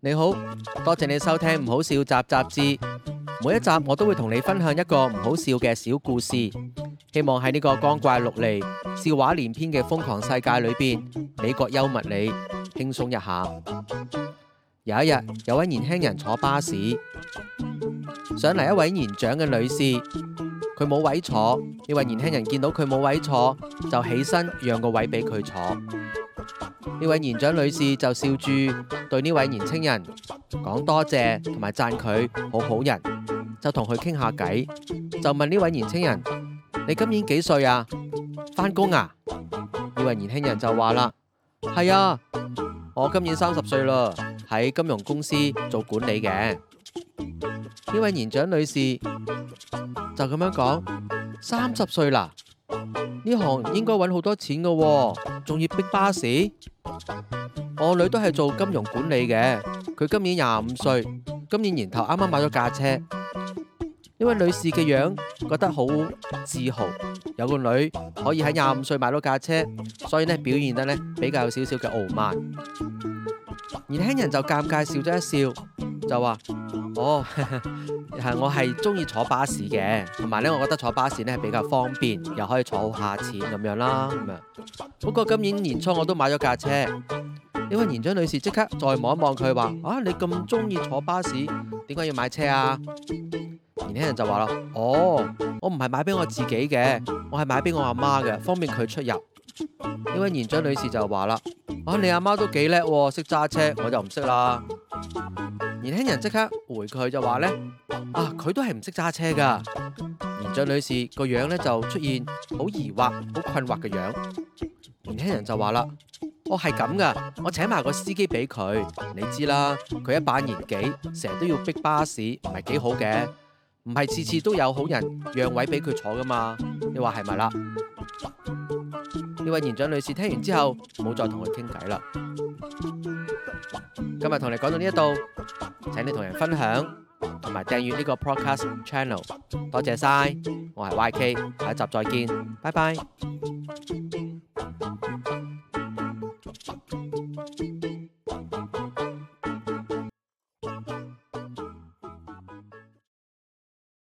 你好，多謝你收聽《唔好笑》雜雜誌。每一集我都會同你分享一個唔好笑嘅小故事，希望喺呢個光怪陸離、笑話連篇嘅瘋狂世界裏邊，美國幽默你輕鬆一下。有一日，有一位年輕人坐巴士上嚟，一位年長嘅女士佢冇位坐，呢位年輕人見到佢冇位坐，就起身讓個位俾佢坐。呢位年長女士就笑住對呢位年輕人講多謝同埋讚佢好好人。就同佢傾下偈，就問呢位年輕人：你今年幾歲啊？返工啊？呢位年輕人就話啦：係啊，我今年三十歲啦，喺金融公司做管理嘅。呢位年長女士就咁樣講：三十歲啦，呢行應該搵好多錢㗎，仲要逼巴士。我女都係做金融管理嘅，佢今年廿五歲，今年年頭啱啱買咗架車。呢位女士嘅樣覺得好自豪，有個女可以喺廿五歲買到架車，所以咧表現得咧比較有少少嘅傲慢。年輕人就尷尬笑咗一笑，就話：哦，係我係中意坐巴士嘅，同埋呢，我覺得坐巴士咧比較方便，又可以坐下慳錢咁樣啦。咁啊，不過今年年初我都買咗架車。呢位年長女士即刻再望一望佢，話啊，你咁中意坐巴士，點解要買車啊？年輕人就話啦：哦，我唔係買俾我自己嘅，我係買俾我阿媽嘅，方便佢出入。呢位年長女士就話啦：啊、哦，你阿媽都幾叻，識揸車，我就唔識啦。年輕人即刻回佢就話咧：啊，佢都係唔識揸車噶。年長女士個樣咧就出現好疑惑、好困惑嘅樣。年輕人就話啦：哦，係咁噶，我請埋個司機俾佢，你知啦，佢一把年紀，成日都要逼巴士，唔係幾好嘅。唔係次次都有好人讓位俾佢坐噶嘛？你話係咪啦？呢位年長女士聽完之後，冇再同佢傾偈啦。今日同你講到呢一度，請你同人分享同埋訂閱呢個 Podcast Channel。多謝晒，我係 YK，下一集再見，拜拜。